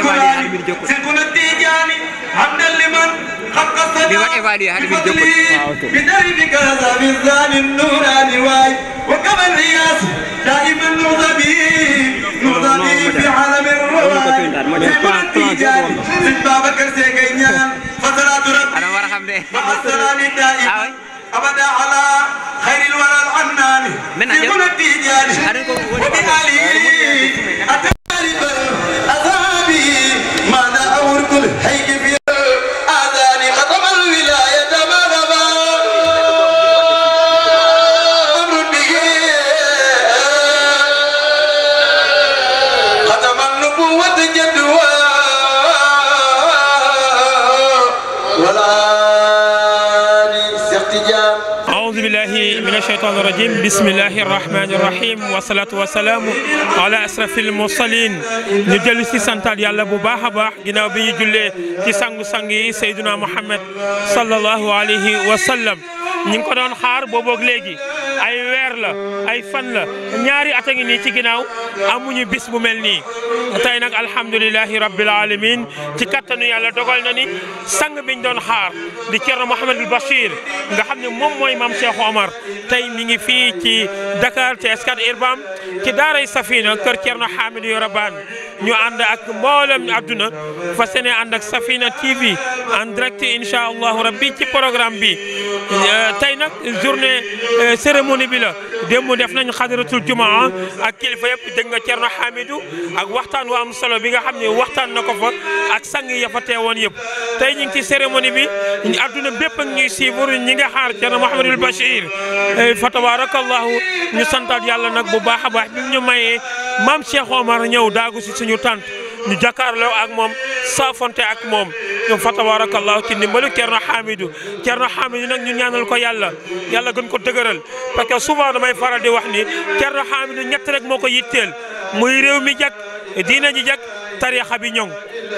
القرآن سيكون التيجاني حمدا لمن حق الصلاة بدربك هذا بالزان النوراني واي وكما الرياس دائما نوضى نوضى به في عالم الروان سيكون التيجاني سيد بابكر سيكينيان فصلاة ربي مع السلام دائما أبدا على خير الورى العنان سيكون التيجاني وبآله Hey, if الشيطان الرجيم بسم الله الرحمن الرحيم والصلاة والسلام على أسرف المرسلين نجلو سي سانتال يالا بو باخا باخ بي جولي تي سانغو سيدنا محمد صلى الله عليه وسلم نينكو دون خار بوبوك لغي ay weer la ay fan la ñaari at a ngi nii ci ginnaaw amuñu bis bu mel nii tey nag alhamdulilahi rabbil alamin ci kattanu la dogal na ni sang biñ doon xaar di Thierno Mouhamadul Bachir nga xam ne moom mooy maam Cheikh Omar tey mi ngi fii ci Dakar ci Scat Urbam ci daaray Safina kër Thierno Hamidou Yoro Bane ñu ànd ak mboolem àdduna fa sene ànd ak Safina TV en direct incha allahu rabbi ci programme bi tey nag journée euh, cérémonie cérémonie bi la démb def nañ xadaratul jumaa ah ak kilifa yëpp dégg nga Thierno Hamidou ak waxtaan wu am solo bi nga xam ne waxtaan na ko fa ak sang ya fa teewoon yëpp tey ñu ngi ci cérémonie bi adduna bépp ak ñuy suivre ñi nga xaar Thierno Mouhamadul Bachir eh, fa tabarakallahu ñu santaat yàlla nag bu baax a baax bi ñu mayee maam Cheikh Omar ñëw daagu si suñu tànt ñu jàkkaarloo ak moom saafonte ak moom fa tabarakallahu ci ndimbalu Thierno Hamidou Thierno Hamidou nag ñu ñaanal ko yàlla yàlla gën ko dëgëral parce que souvent damay faral di wax ni Thierno Hamidou ñett rek moo ko yitteel muy réew mi jag diina ji jag tarixa bi ñoŋ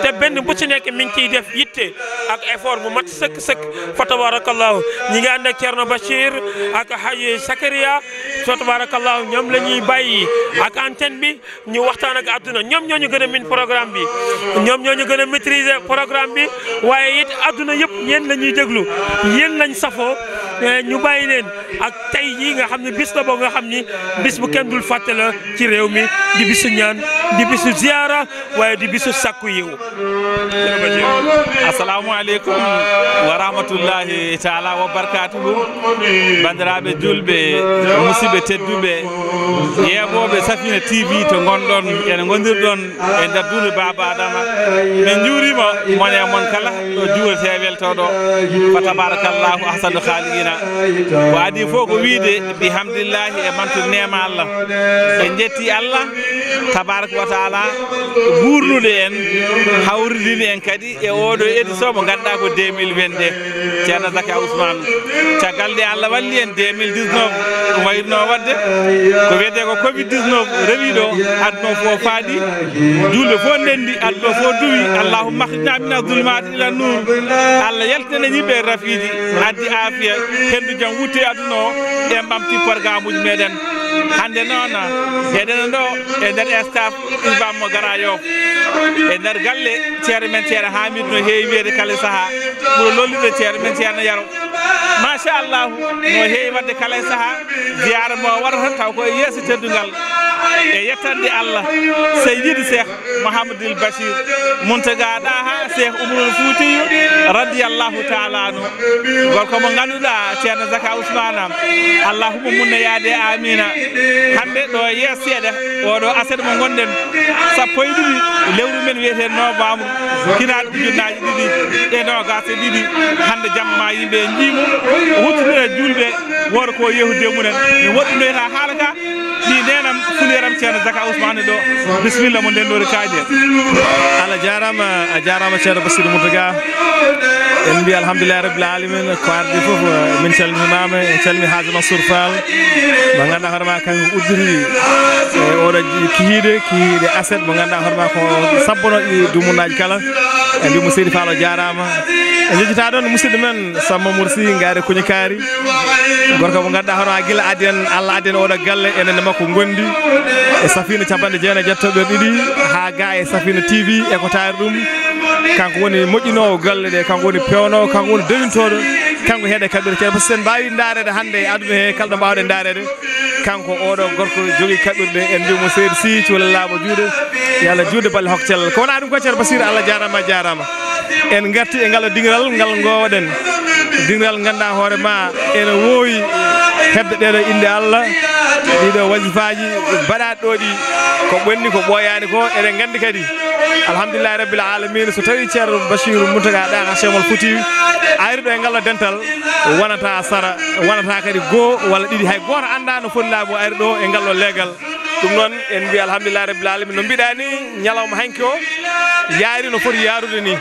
te benn bu ci nekk mi ngi ciy def yitte ak effort bu mat sëkk sëkk fa tabarakallahu ñi ngi ànd ak Thierno ak Haji Sakaria soo tabaarakallaahu ñoom la ñuy bàyyi ak antenne bi ñu waxtaan ak àdduna ñoom ñoo ñu gën a min programme bi ñoom ñoo ñu gën a maîtriser programme bi waaye it adduna yëpp yéen lañuy ñuy déglu yéen lañ safoo ñu bàyyi leen ak tey yi nga xam ne bis la boo nga xam ni bis bu kenn dul fàtte la ci réew mi di bisu ñaan di bisu ziyaara waaye di bisu sàkku yiw assalamu aleykum wa rahmatullahi taala wa barakatuhu bandiraɓe julɓe musidɓe tedduɓe yeɓoɓe safina tv to gonɗon ene gondirɗon e nder duude baba adama min juurima mone e moon kala ɗo juureteɓel to ɗo fa tabarakallahu ahsanu khaliqina ko adi fof ko wiide bihamdillahi e mantude nema allah en jetti allah tabaraka wa taala guurnude en hawridini en kadi e oɗo edi mo ganduɗa ko 2020 ɗe ceerno zaka ousmane caggal nde allah walli en 2019 ɗum wayitno wadde ko wiyete ko covid 19 rewi ɗo adno fof faaɗi julɓe fof ndendi adno fof duwi allahumma hrijna mina zulmat ila nour allah yaltinana yimɓe e rafiji addi afiya hendu jom wutte aduno e mbamti porgamuji meɗen hande noon heɗene ɗo e nder staff ibammo garayo e nder galle ceere men ceere hamidu no heewi wiyede kala saaha ɓuro lollude ceere men ceerno yaro machallahu no heewi wadde kala saaha wiyara mo warata taw koye yeeso teddugal e yettande allah sey yiɗi cheikh mahamadoul bachir montagaɗa ha cheikh oumarol fouutiyo radiallahu taala no gorko mo ganduɗa ceerno zaka ousmane am allahuma munnayaade amina hande ɗo yees seeɗa oɗo aset mo gonɗen sappo e ɗiɗi lewru men wiyete novembre kinaɗo ujunnaji ɗiɗi e nogase ɗiɗi hande jamma yimɓe jiimo huttudira julɓe woto ko yehude munen mi woɗɗinoyta haalaka ɗi ndenam nderam ceerno zaka ousmane ɗo bisimilla mo ndendori kaaje allah jarama a jarama ceerno basidi moutaga en mbi alhamdulillah rabbil alamin ko arde foof eh, min calminimama en calmi hajama sour fall mo ganduɗa hoorema kanko uddiri e oɗo kihiide kihiide aset mo ganduɗa hoorema ko sabbono ɗi dumunaji kala e mbi musidi fall o jarama e jejjita ɗon musidɗo men sammamour sy gaari kuñi kaari gorko mo ganduɗa hoorema guila adi en allah adi en oɗo galle enenne makko gondi e safina capanɗe jeenayi e jettoɓe ɗiɗi ha ga e safina tv e ko taari ɗum kanko woni moƴƴinowo galle ɗe kanko woni pewnowo kanko woni dewintoɗo kanko heeɗe kaɓɓire kede pasque sen mbawi darede hande e aduna he kala ɗo mbawɗen darede kanko oɗo gorko jogui kaɓɓirɗe en mbimo seedi si cuola laaɓo juuɗe yo allah juuɗe balle hokka cellal ko wona ɗum gaccere basir allah jarama a jarama en garti e ngal dingiral ngal gowoɗen dingiral ganduɗa hoorema ene wowi hebde ɗeɗo inde allah e ɗiɗo wasifaji mbaɗaɗo ɗi ko ɓonni ko ɓooyani ko eɗen gandi kadi alhamdulillahi rabbil alamina so tawi ceerno bachir mutaga ɗaka chemol fotiwi ayri ɗo e ngallo dental wonata sara wonata kadi goho walla ɗiɗi hay goto anda no foti laabo ayri ɗo e ngallo leegal ɗum noon en mbiya alhamdulillah rabbil alamin no mbiɗa ni ñalawma hanki o yaari no foti yaarude ni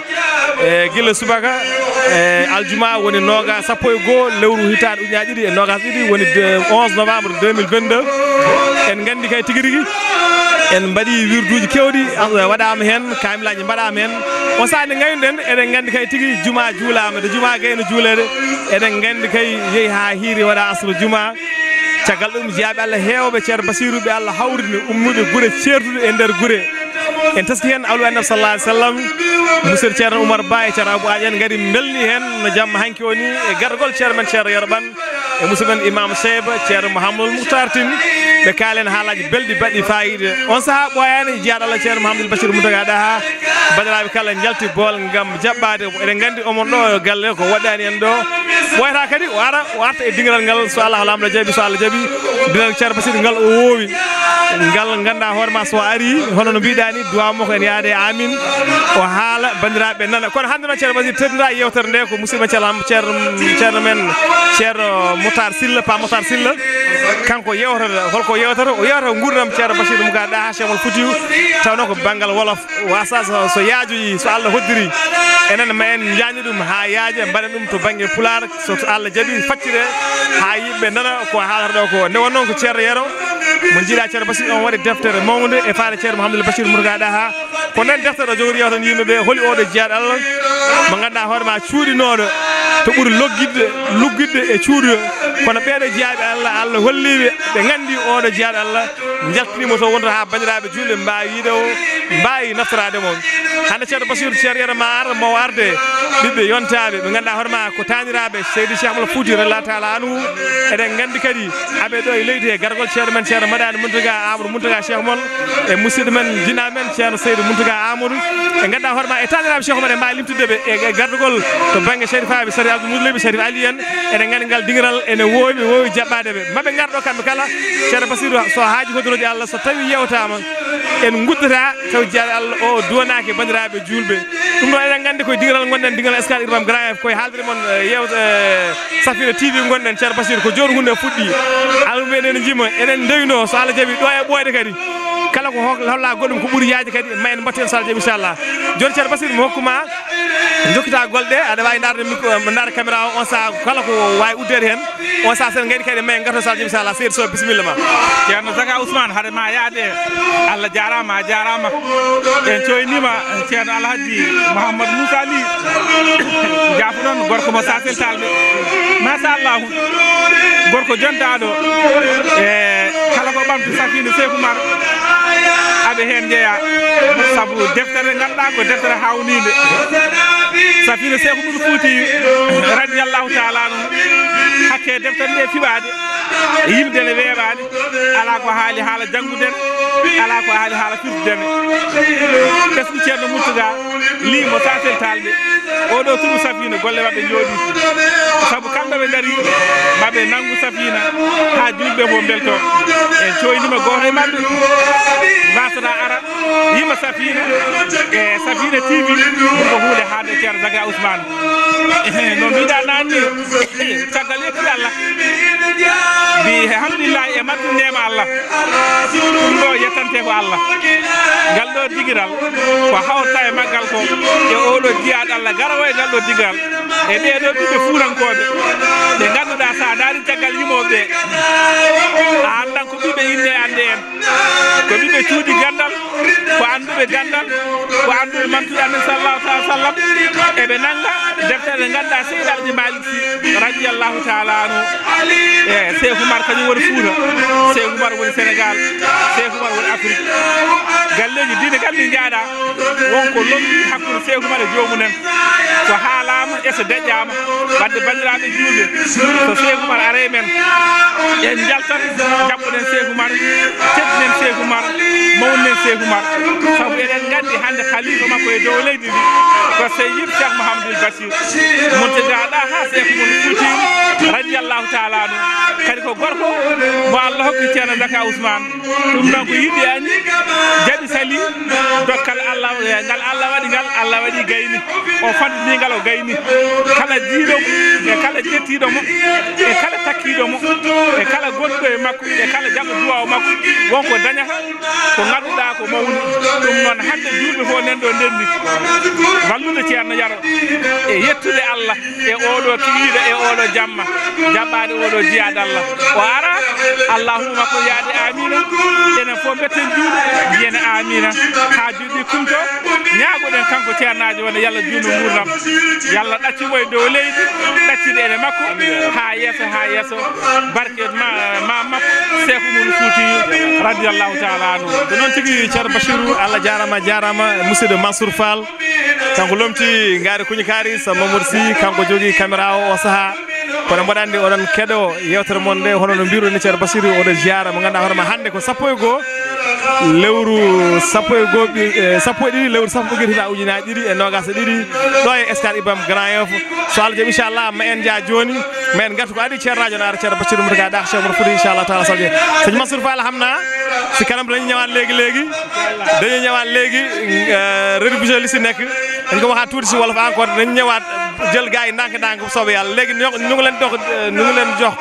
e guila subaka e aljuma woni noga sappo e goho lewru hitade uñaa ɗiɗi e nogas e ɗiɗi woni 11 novembre 2022 en gandi kay tigui rigui en mbaɗi wirduji kewɗi waɗama hen kamilaji mbaɗama hen on saha nde gaynoɗen eɗen gandi kay tigui juma juulama de juma gayno juulede eɗen gandi kay yeehi ha hiiri waɗa asra juma caggal ɗum jeyaɓe allah hewɓe ceerno basiruɓe allah hawrini ummuɓe guure certude e nder guure en taskihen hen alu anna sallallahu sallam wasallam musir oumar umar e ceerno abu aƴan gari belni hen no jam hanki Oni e gargol ceerno men ceerno yerɓan e musidɓe imam seba ceerno mouhamadoul mouhtar tini ɓe kaalen haalaji belɗi baɗɗi fayida on jiada la jeyaɗo allah bashir mouhamadoul da ha ɗaha badiraɓe kala jalti ngam jabbade e eɗen gandi mon do galle ko wadani en do ɓoyata kadi Wara warta e dingal ngal so allah lamɗo jabi so allah jabi dingal ceerno bashir ngal o wowi ngal ganduɗa hoorema so ari hono no bidani ari duwa makko en yaade amin o haala bandiraɓe nana kono hande noon ceerno basir tedira yewtere nde ko musidɗo ceerno ceerno ceerno men ceerno motar silla pa motar silla kanko yewtata holko yewtata o yewtata gurdam ceerno basir muga ɗa ha chemol fotiw tawno ko banggal wolof wasa so yaajoyi so allah hoddiri enen ma en jañi ɗum ha yaaje mbaɗen ɗum to banggue pular so allah jaaɓi faccire ha yimɓe nana ko haalata ɗo ko nde wonnoon ko ceerno yero mo jiiɗa ceerno basir on waɗi deftere mawde e faade ceerno mouhamadoul bachir mourga jeeyaɗa ha ko nan deftaɗo jogoriya tan yimɓeɓe holi oɗo jeeyaɗa allah mo ganduɗa hoorema cuuɗinoɗo to ɓuuri logguidde lugguidde e cuuɗo kono ɓeeɗo jeeyaɓe allah allah holliɓe ɓe gandi oɗo jeeyaɗo allah jaltinimo to wonto ha bandiraɓe julɗe mbawiɗo mbawi naftorade mo hande ceerto basiru ceer yetama ar mo arde ɓiɓɓe yontaɓe ɓe ganduɗa hoorema ko taniraɓe seydi chehmola fouti rallah taala anhu eɗen gandi kadi aɓe ɗo e leydi e gargol ceerto men ceerto maɗani muntaga amadou muntaga chehmol e musidɗo men jinnaɓe men ceerno seydou moutouga amadou e gadda hoore ma e taniraɓe cheikh omar e ma limtideɓe e, e gardugol to banggue sheri faɓe sari abdoumoudoulaɓe sheri aliy en ene gandi ngal dingiral ene wowi wowi jaɓɓaɗeɓe maɓe garɗo kamɓe kala ceerno basidou so haaji hodiroji allah so tawi yewtama en guddata taw jiyaɓe allah o donaki e bandiraɓe julɓe ɗum ɗo eɗen gandi koye dingiral gonɗen dingal escal irmam grand f koye haaldere moon e, yew safina tv gonɗen ceerno basidou ko joni hunde fuɗɗi alumeɗen jima eɗen dewino so allah jaaɓi ɗo e ɓoyde kadi kala ko holla goɗɗum ko ɓuuri yaadi kadi e ma en mbatten salde inchallah joni ceeɗo basid mi hokkuma jokkita golɗe aɗa wawi darde mi eh, dare caméra o on saaha kala ko wawi uddede hen on saaha sen gaydi kadi e ma en garto salde inchallah seydi so bisimilla ma ceerno zaga ousmane haade ma yaade allah jarama a jarama en coynima ceerno alhaji mouhamadou moussa ly jaafo noon gorko mo sasel talɓe machallahu gorko jondaɗo e kala ko ɓamto safino seykoumar aɓe hen jeeya saabu deftere ganduɗa ko deftere hawnide safino se ko ɗum fuuti radiallahu taala no hakke deftere nde fiɓade yimdene weeɓade ala ko haali haala janguden ala ko haali haala firtidane ɓesɗi ceerno mo limo sasel o oɗo tumu safina golle maɓe jooɗi saabu kamɓeɓe daari maɓe nangu safina ha julɓe fof belto e coynima goto e mabɓe wasata ara yima safina e safina tv ko hunde haade ceerno zaga ousmane no mbiɗa nanni caggal yettude allah mbi alhamdulillah e mattu ndema allah yettante ko allah ngal ɗo digiral ko hawta e maggal ko e oɗo jiyaɗ allah garawa e ngal ɗo digiral e ɓeɗo ɓiɓe furankoɓe ɓe ganduɗa sa dari caggal yimoɓe a andan ko ɓiɓe inne ande en ko ɓiɓe cuuɗi gandal ko annduɓe gandal ko annduɓe mantuɗe annabi salllahu taa sallam eɓe nangga deftere ganduɗa seyɗaɓji maliki radiallahu taala anu e chef oumar kañum woni fouta chef oumar woni sénégal chef oumar woni afrique galleji dine galle jaaɗa wonko lomi hakkude chef oumar e jomumen so haalama eso deƴƴama wadde bandiraɓe julɓe so chef oumar are men en jaltan jaɓɓuɗen chef oumar teddinen chef oumar mawniden chef oumar oumar sabu eɗen gandi hande halifa makko e dow leydi ndi ko sey yim cheikh mouhamadoul basir montidaɗa ha seko mon futima radi allahu taala nu kadi ko gorko mo allah hokki ceerno zaka ousmane ɗum noon ko yiɗi ani jaɓi sali dokkal allah e ngal allah waɗi ngal allah waɗi gayni o fandinigal o gayni kala jiiɗomo e kala jettiɗomo e kala takkiɗomo e kala gonɗo e makko e kala jaɓo duwa o makko wonko dañata ko ngaɗuɗa ko mawni ɗum noon hande juuɓe fo nen ɗo ndenni wallude ceerno yaro e yettude allah e oɗo kiwiɗa e oɗo jamma jaɓɓade oɗo jiyaɗ allah o ara allahuma makko yaade amina ene fo beten juuɗo yene amina ha juuɗi kumto ñagoɗen kanko ceernajo wona yallah juuno gurnam yallah ɗaccimo e dow leydi ɗaccide ene makko ha yesso ha yesso barke ma ma makko seko mum suuti radiallahu taala anu ko noon tigui ceerno bachiru allah jarama jarama monsieur de mansour fall kanko lomti gaari kuñi kaari sa mamoudou sy kanko jogui caméra o o saaha kono kono mboɗa anndi oɗon keɗo yewtere ya, mon nde hono no ni ceerno basiru oɗo jiyara mo ngannduɗa hono ma hannde ko sappo e goho lewru sappo e goho sappo e ɗiɗi lewru sappo ɓoggirtita ujunaji ɗiɗi e eh, nogas e ɗiɗi ɗo e scar ibam grand euf so allah jaaɓi inchallah ma en jaa joni ma en gartu ko adi ceerno radio no ara basiru mboto ga ɗa chef mboto foti inchallah taala soje seigne massour fall hamna si kanam dañi ñawat léegi léegi dañi ñawat léegi redivision liste nekk dañ ko waxa tuuti si wolof encore dañi ñawat jël gars yi ndànk-ndànk bu soobee yàlla léegi ñu ngi leen dox ñu ngi leen jox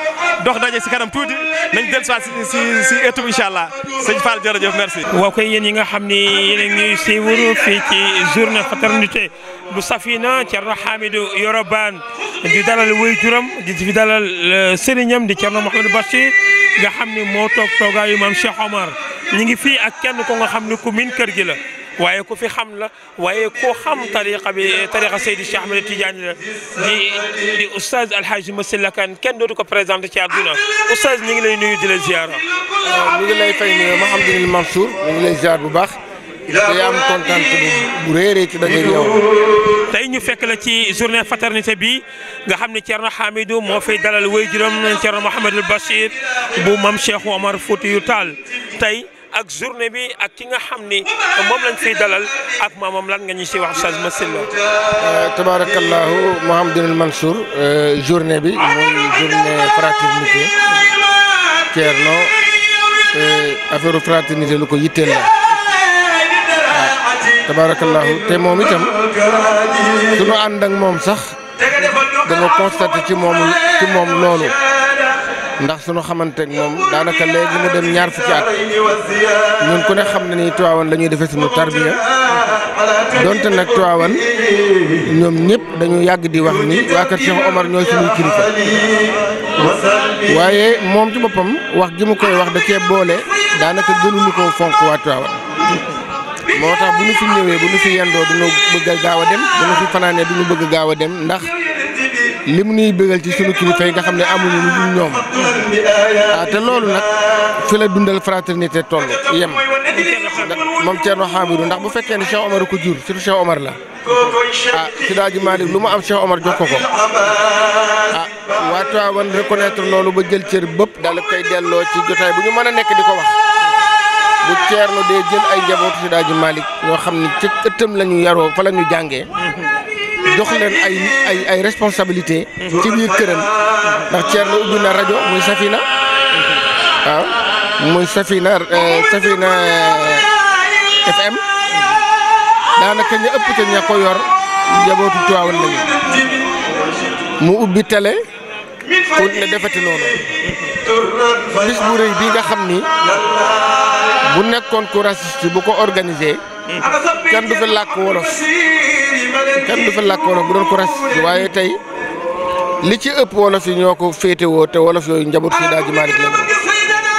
dox daje si kanam tuuti nañ del soit si si étude incha allah sëñ Fall jërëjëf merci. waaw koy yi nga xam ni yéen a ngi suivre fii ci journée fraternité bu Safina Thierno Hamidou Yoro Bane di dalal wuy juram di fi dalal euh, sëriñam di Thierno Mouhamadou Bachir nga xam ni moo toog toogaayu maam Cheikh Omar ñu ngi fii ak kenn ko nga xam ni commune kër gi la. waaye ku fi xam la waaye ku xam tariqa bi tariqa Seydi Cheikh Ahmed Tidiane la di di oustaz Alhaji Massyla Kane kenn dootu ko présenté ci àdduna oustaz ñu ngi lay nuyu di la ziara. ñu ngi lay fay nuyu Mouhamadou Mansour ñu ngi lay ziar bu baax. day am kontaan bu réeré ci daje yow. tey ñu fekk la ci journée fraternité bi nga xam ne Thierno Hamidou moo fay dalal wéy juróom Thierno Mouhamadul Bachir bu mam Cheikh Omar Foutiyou Tall tey. ak journée bi ak ki nga xam ni moom lañ fiy dalal ak moom lan nga ñu si wax Oustaz Massiré Lo. Euh, tabaarakallaahu Mouhamadul Mansour euh, journée bi mooy journée fraternité Thierno euh, affaire fraternité lu ko yitteel la waaw ah, te moom itam suñu ànd ak moom sax dama constaté ci moom ci moom loolu. ndax suñu xamante ak moom daanaka léegi mu dem ñaar fukki at ñun ku ne xam na ni Tiwaawan la ñuy defee suñu tarbiya donte nag Tiwaawan ñoom ñëpp dañu yàgg di wax ni waa kër Cheikh Omar ñooy suñuy kilifa waaye moom ci boppam wax gi mu koy wax da cee boole daanaka gënuñu ko fonk waa Tiwaawan moo tax bu ñu fi ñëwee bu ñu fi yendoo duñu bëgg a gaaw a dem bu ñu fi fanaanee duñu bëgg a gaaw a dem ndax li mu nuy bégal ci sunu kilifa yi nga xam ne amuñu lu dul ñoom ah, te loolu nag fi la dundal fraternité toll yem moom Thierno Hamidou ndax bu fekkee ne Cheikh Omar ko jur surtout Cheikh Omar la ah si daa ji Malick lu mu am Cheikh Omar jox ko ko ah waa Tiwaawan reconnaître loolu ba jël cër bëpp daal koy delloo ci jotaay bu ñu mën a nekk di ko wax bu Thierno dee jël ay njabootu si daa ji Malick ñoo xam ne ci ëttam la ñu yaroo fa la ñu jàngee yox leen ay ay ay responsabilité ci biir këram ndax Thierno ubbi na rajo muy Safina waaw muy Safina eh, Safina eh, FM daanaka ñu ëpp ca ña ko yor njabootu Tiwaawan lañu mu ubbi télé pour ne defati noonu bis bu rëy bi nga xam ni bu nekkoon ku raciste bu ko organisé. kenn du fi làkk wolof kenn du fi bu doon ko res waaye tey li ci ëpp wolof yi ñoo ko féetewoo te wolof yooyu njaboot fii daal ji Malick la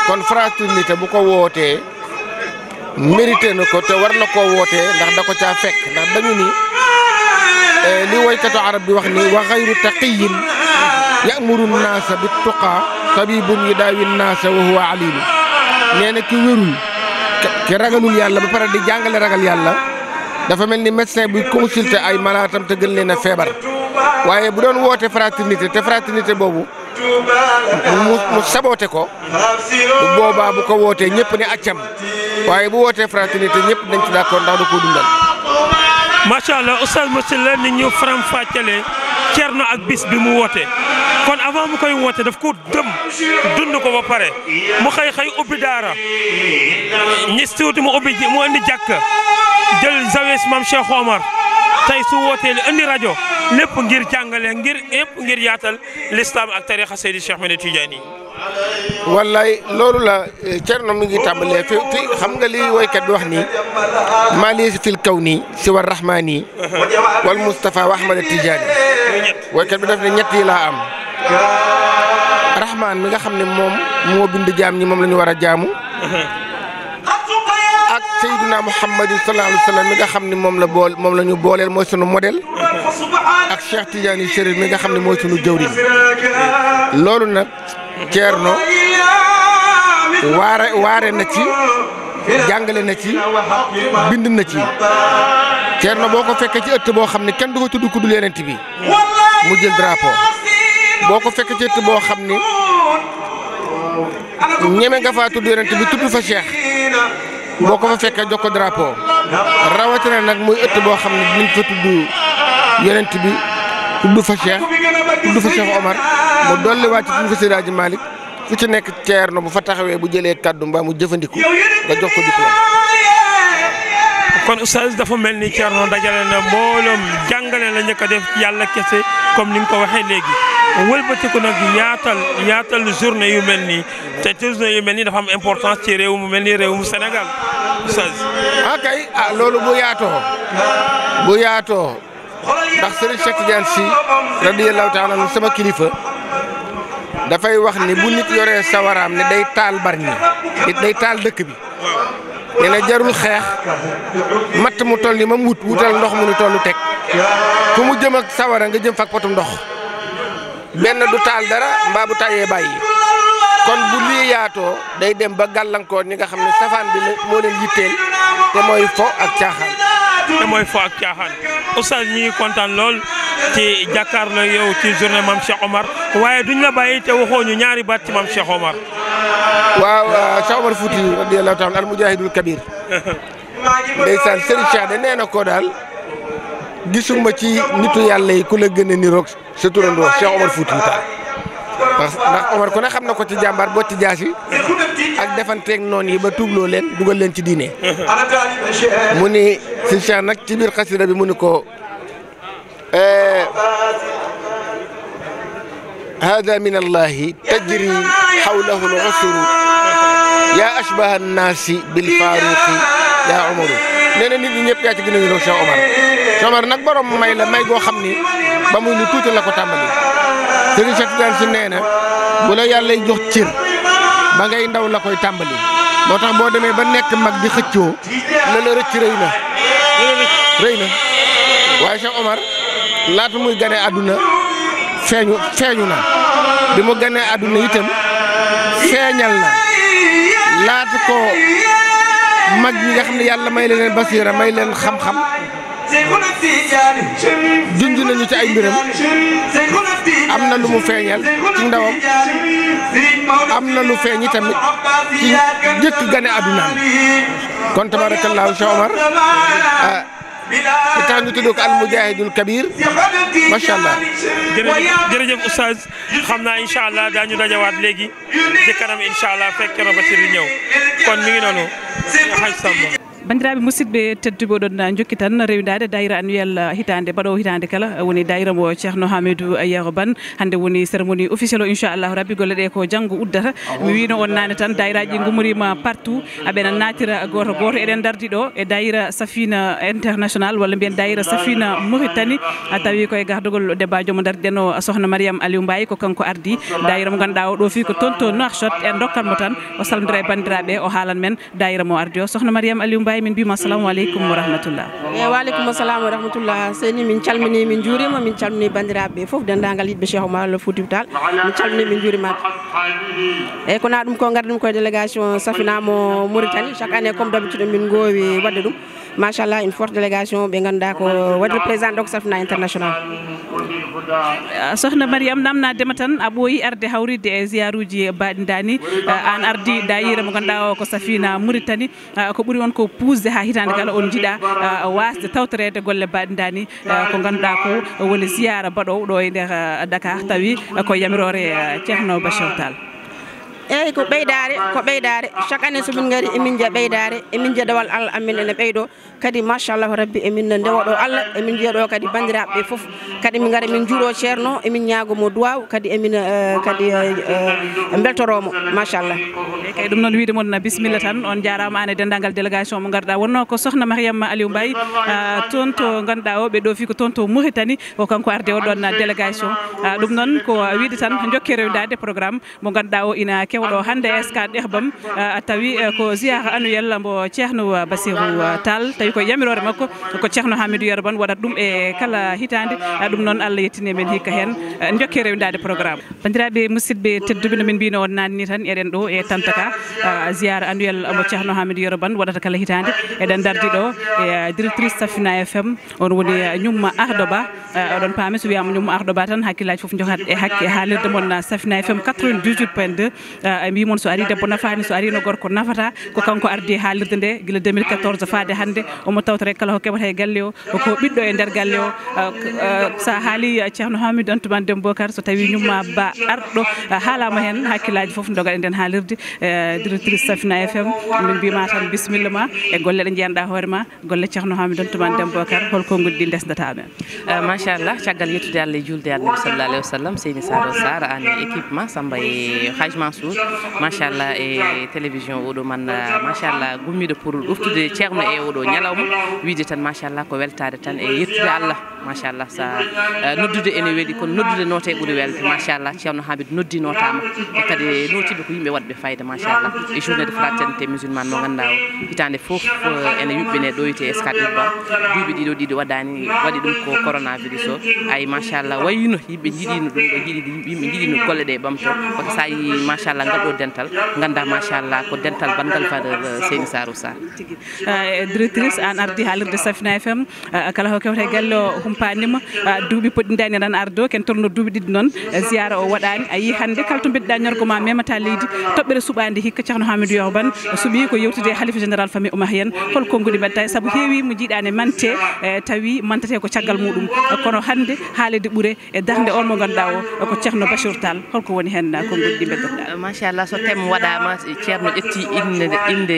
kon fraternité bu ko wootee mérité na ko te war na koo wootee ndax da ko caa fekk ndax dañu ni eh, li woykatu arab bi wax ni wa xayru taqiyin yamuru naasa bi tuqaa tabibun yi daawi naasa wa huwa alilu nee ki wérul ki ragalul yàlla ba pare di jàngale ragal yàlla dafa mel ni médecin buy consulter ay malaatam te gën leen a feebar waaye bu doon woote fraternité te fraternité boobu mu mu saboote ko bu boobaa bu ko wootee ñëpp ne accam waaye bu woote fraternité ñëpp dañ ci d'accord ndax da koo dundal. macha allah oustaz Massylla ni ñu faram ak bis bi mu woote. kon avant mu koy woote daf ko dëm dund ko ba pare mu xëy xëy ubbi daara ñi tuuti mu ubbi mu indi jàkk jël zawes maam Cheikh Omar tey su wootee li indi rajo lépp ngir jàngale ngir lépp ngir yaatal l'islam ak tarixa Seydi Cheikh Ahmed Tidiane yi wallaay loolu la eh, Thierno mi ngi tàmbalee fi fi xam nga li woykat bi wax nii maa lii fil kaw nii si war rahmaani wal Moustapha wa Ahmad Tijaani woykat bi daf ne ñett yi laa am rahmaan mi nga xam ne moom moo bind jaam ñi moom la war a jaamu ak Seydina Muhammadin sallallahu alayhi wa sallam mi nga xam ne moom la bool moom la ñu booleel mooy sunu modèle ak Cheikh Tidiane Chérif mi nga xam ne mooy sunu jëwriñ loolu nag Thierno waare waare na ci jàngale na ci bind na ci Thierno boo ko fekkee ci ëtt boo xam ne kenn du ko tudd ku dul bi mu jël drapeau boo ko fekkee ci ëtt boo xam ne ñeme nga faa tudd Yonent bi tudd fa Cheikh boo ko fa fekkee jox ko drapeau rawatina nag muy ëtt boo xam ne dinañ fa tudd Yonent bi. tudd fa Cheikh tudd fa Cheikh Omar mu dolliwaat ci tudd fa Seydi Hadji Malick fu ci nekk ceerno bu fa taxawee bu jëlee kàddu mbaa mu jëfandiku nga jox ko diplôme. kon oustaz dafa mel ni ceerno dajale na mbooloom jàngale la njëkk def yàlla kese comme ni nga ko waxee léegi. wëlbatiku nag yaatal yaatal journée yu mel nii te journée yu mel ni dafa am importance ci réew mu mel ni réew mu senegal oustaz. ah kay ah loolu bu yaatoo bu yaatoo. ndax Serigne Cheikh Tidiane Sy radiyallahu taala anhu sama kilifa dafay wax ni bu nit yoree sawaram ne day taal nit day taal dëkk bi nee jarul xeex mat mu toll ni mam wut wutal ndox mu ni tollu teg fu mu jëm ak sawara nga jëm fak potum ndox benn du taal dara mbaa bu tàyyee bàyyi kon bu lii yaato day dem ba gàllankoor ñi nga xam ne bi moo leen yitteel te mooy fo ak caaxaan te mooy fo ak caaxaan oustaz ñi ngi kontaan lool ci jàkkaarloo yow ci journée maam Cheikh Omar waaye duñ la bàyyi te waxoo ñaari baat ci maam Cheikh Omar. waaw Cheikh Omar Fouti radiyallahu taala al kabir. ndeysaan Serigne Thiade nee na ko daal gisuma ci nitu yàlla yi ku la gën a niroog sa turandoo Cheikh parce que ndax Omar xam na ko ci jàmbaar botti jaas yi ak noon yi ba tuubloo leen dugal leen ci diine si Cheikh nag ci biir na bi mu ni ko eh, hada min allahi tajri xawlahu l usuru yaa ashbaha annaasi bil faaruqi yaa omaru nee na nit ñi ñëpp yaa ci gën a ñu Cheikh may la may goo xam ni ba muy lu tuuti la ko tàmbali Serigne Cheikh Tidiane Sy nee na bu la yàlla jox cër ba ngay ndaw la koy tàmbali moo tax boo demee ba nekk mag di xëccoo la la rëcc rëy na rëy na waaye Cheikh Omar laata muy gane àdduna feeñu feeñu na bi mu ganee àdduna yitam seeñal na laata ko mag ñi nga xam yàlla may leen basiira may leen xam-xam junj nañu ci ay mbiram am na lu mu feeñal ci ndawam am na lu feeñi tamit ci njëkk gane àddunaam kon tabaarakallaahu Cheikh Omar li ah, tax ñu tudd ko al mujahidul kabir macha allah. jërëjëf jërëjëf oustaz xam naa incha allah daañu dajawaat léegi ci kanam incha allah fekk na ba si di ñëw kon mi ngi noonu xaj samba bandiraɓe musidɓe tedduɓe oɗon jokki tan rewidade dayra annuel hitande mbaɗowo hitande kala woni dayra mo ceerno hamidou ayeho bane hande woni cérémonie officiel o inchallahu rabbi golle ɗe ko janggo uddata mi wino on nane tan dayraji gumorima partout aɓena natira goto goto eɗen dardi ɗo e dayra safina international walla mbiyen dayra safina mauritani tawi koye gardogol débatjo mo dardiɗen o sohna mariame aliou mbaye ko kanko ardi dayra mo ganduɗa o ɗo fi ko tonto noarchot en dokkanmo tan o salmodira e bandiraɓe o haalan men dayra mo ardi o sohna mariame aliou mbaye baye min mbima assalamu aleykum wa rahmatullah eyyi eh, waaleykum assalam wa rahmatullah seni min calmini min juurima min calmini bandiraɓe ɓe foof dendagal yidɓe cheikh omalo fouti tal min calmini min juurimaɓe eyyi eh, kona ɗum ko gardi ɗum koye délégation safinamo mauritanie chaque année comme d' habitude min gowi wadde ɗum machallah une forte délégation ɓe ngannduɗa ko waɗi président donc safna international ah, sohna mariam namna dema tan a ɓooyi arde hawride e gir uji e baɗidani ah, an ardi dayire mo ganduɗa o ko safina mouritani ah, ko ɓuuri on ko pusde ha hitande kala on jiiɗa wasde tawtorede golle baɗidani ko ganduɗa ko woni gir baɗowo ɗo e nde dakar tawi ko yamirore ceerno bachir tall eyyi ko ɓeydare ko ɓeydare chaque année somin gari emin jiiya ɓeydare emin jiiya dawal allah amin ene ɓeydo kadi machallahu rabbi eminne ndewaɗo allah emin jiiya ɗo kadi bandiraɓe ɓe foof kadi min gara min juuɗo ceerno emin ñagomo duwaw kadi emin eh, kadi eh, eh, beltoromo machallah eyyi kay ɗum noon wiide moon bisimilla tan on jarama an e dendagal délégation mo garɗa wonno ko sohna mariama aliou mbaye ah, toon to ganduɗa o ɓe ɗo fi ko toon to mauritani o kanko arde oɗon délégation ah, ɗum noon ko wiide tan jokke rewdade programme mo ganduɗa o ina kew kewɗo hannde e skade ɗeh bam a tawi eh, ko jiyaha annuel mbo ceehno basirou eh, tall tawi ko yamirore makko ko ceehno hamidou yero bane waɗat ɗum e kala hitande eh, ɗum noon allah yettini men hikka heen jokki e rewdade programme bandiraɓe musidɓe tedduɓe nomin mbino on nanni tan eɗen ɗo e tantaka jiyara annuel mbo ceehno hamidou yero bane waɗata kala hitande eɗen dardi ɗo e directrice safina fm on woni ñumma ardo ba oɗon paami so wiyama ñumma ardo ba tan hakkillaji foof jokat e hakke haalirde moon safina fm 98 point 2 uh, e mbimon so ari debbo nafani so ari no gorko nafata ko kanko ardi e haalirde nde guila 2014 faade hannde omo tawtore kala ko keɓata e galle o ko ɓiɗɗo e nder galle o uh, uh, sa haali ceehno euh, hamid antuman dembocar so tawi ñumma ba arɗo uh, haalama hen hakkillaji foof dogaɗe nden haalirde uh, directrice safina fm min mbima tan bisimilla ma e golle ɗe jeyanɗa hoore ma golle ceehno hamid antuman dembocar holko gudɗi desdata men uh, machallah caggal yettude allah e julde alnabi sallallah alih wa sallam seyni saro sar an équipe ma samba e hajma sou ɗum machallah e télévision oɗo man machallah gummiɗo pour ɓoftude ceerno e oɗo ñalawma wiide tan machallah ko weltade tan e yettude allah machallah sa e, noddude ene weeli kono noddude noota e ɓuuri welde machallah ceerno hamidou noddi notama e kadi notiɓe ko yimɓe waɗɓe fayida machallah e journée de fraternité musulman mo ganduɗa o hitande foof ene yuɓɓine ɗoyte escadiba duuɓi ɗiɗo ɗiɗi waɗani waɗi ɗum ko coronavirus o ayi machallah wayino yimɓe jiɗino ɗum ɗo jiɗiɗ yimɓe jiɗino golle ɗe ɓamto koto sa yi machallah machallah ngal ɗo dental ganda machallah ko dental bangal valeur seni sarou sa euh, directrice an ardi haalirde safina fm euh, kala ho kewte galle o humpanima euh, duuɓi poɗɗidani tan ardo ken torno duuɓi ɗiɗi noon ziyara o waɗani a yi hande kala to mbeɗiɗa ñorgo ma memata leydi toɓɓere suɓadi hikka ceehno hamidou yohban suuɓi ko yewtude halife général famille ouma hen hol konngudi mbaɗta saabu heewi mo jiiɗane mante tawi mantate ko caggal muɗum kono hande haalede ɓuure e darde on mo ganduɗa o ko ceehno bachir tall holko woni hen konngudi ɗi mbeddotoɗa machallah so thème waɗama ceerno ƴetti inde inde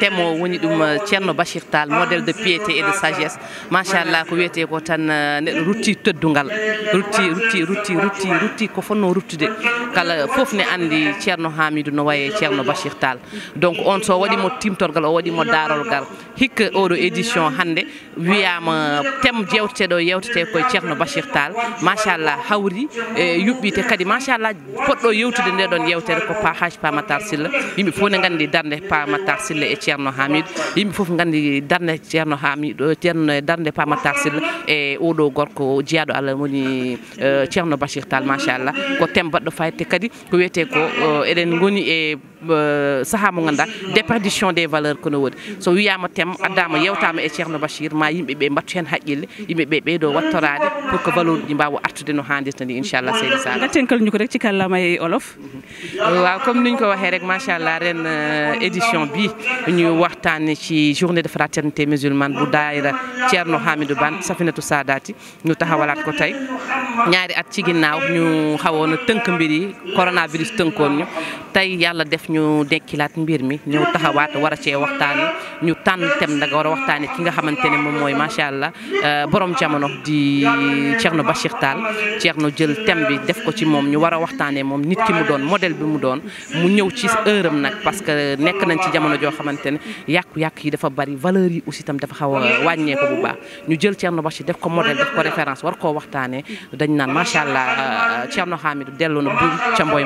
thème o woni ɗum uh, ceerno bachir tall modéle de piété et de sagesse machallah ko wiyete ko tan uh, neɗɗo rutti teddugal rutti rutti rutti rutti rutti ko fonno ruttude kala foof ne andi ceerno hamidou no waye ceerno bachir tall donc on so waɗimo timtorgal o waɗimo darolgal hikka oɗo édition hande wiyama thème jewteteɗo yewtete koye ceerno bachir tall machallah hawri e yuɓɓite kadi machallah poɗɗo yewtude nde ɗon yewtere ko pa haaj pamatar sylla yimɓe fof ne nganndi darnde pamatar sylla e ceerno hamido yimɓe fof nganndi darnde ceerno hamido eh, ceerno darnde pamatar sylla e oɗo gorko jeyaɗo allah woni eh, ceerno bachir tal machallah ko tem mbaɗɗo fayitte kadi ko wiyete ko eh, eɗen goni e Euh, saha mo déperdition des valeurs kono woodi so wiyama tem adama yewtama e ceerno bachir ma yimɓeɓe mbattu hen haqqille yimɓeɓe do wattorade pour que valeur uji mbawa artude no hannirta ni inchallah seydi sa gatten kalñu ko rek ci kallama e olof euh, waaw comme niñ ko waxe rek machallah ren euh, édition bi ñu waxtane ci journée de fraternité musulmane bu daayira ceerno hamidou ban safinatu sadati ñu taxawalat ko tay ñaari at ci ginnaw ñu xawoon teunk mbir yi coronavirus tënkoon ñu tay yalla def ñu dekkilaat mbir mi ñu taxawaat war a cee waxtaan ñu tànn tem nag war a waxtaanee ki nga xamante ne moom mooy macha allah euh, borom jamono di Thierno Bachir Tall Thierno jël tem bi def ko ci moom ñu war a waxtaanee moom nit ki mu doon model bi mu doon mu ñëw ci heure am nag parce que nekk nañ ci jamono joo xamante ne yàqu-yàqu yi dafa bari valeur yi aussi tam dafa xaw a wàññeeku bu baax ñu jël Thierno Bachir def ko modèle def ko référence war koo waxtaanee dañ naan macha allah euh, Thierno Hamidou dellu na bu ca mboy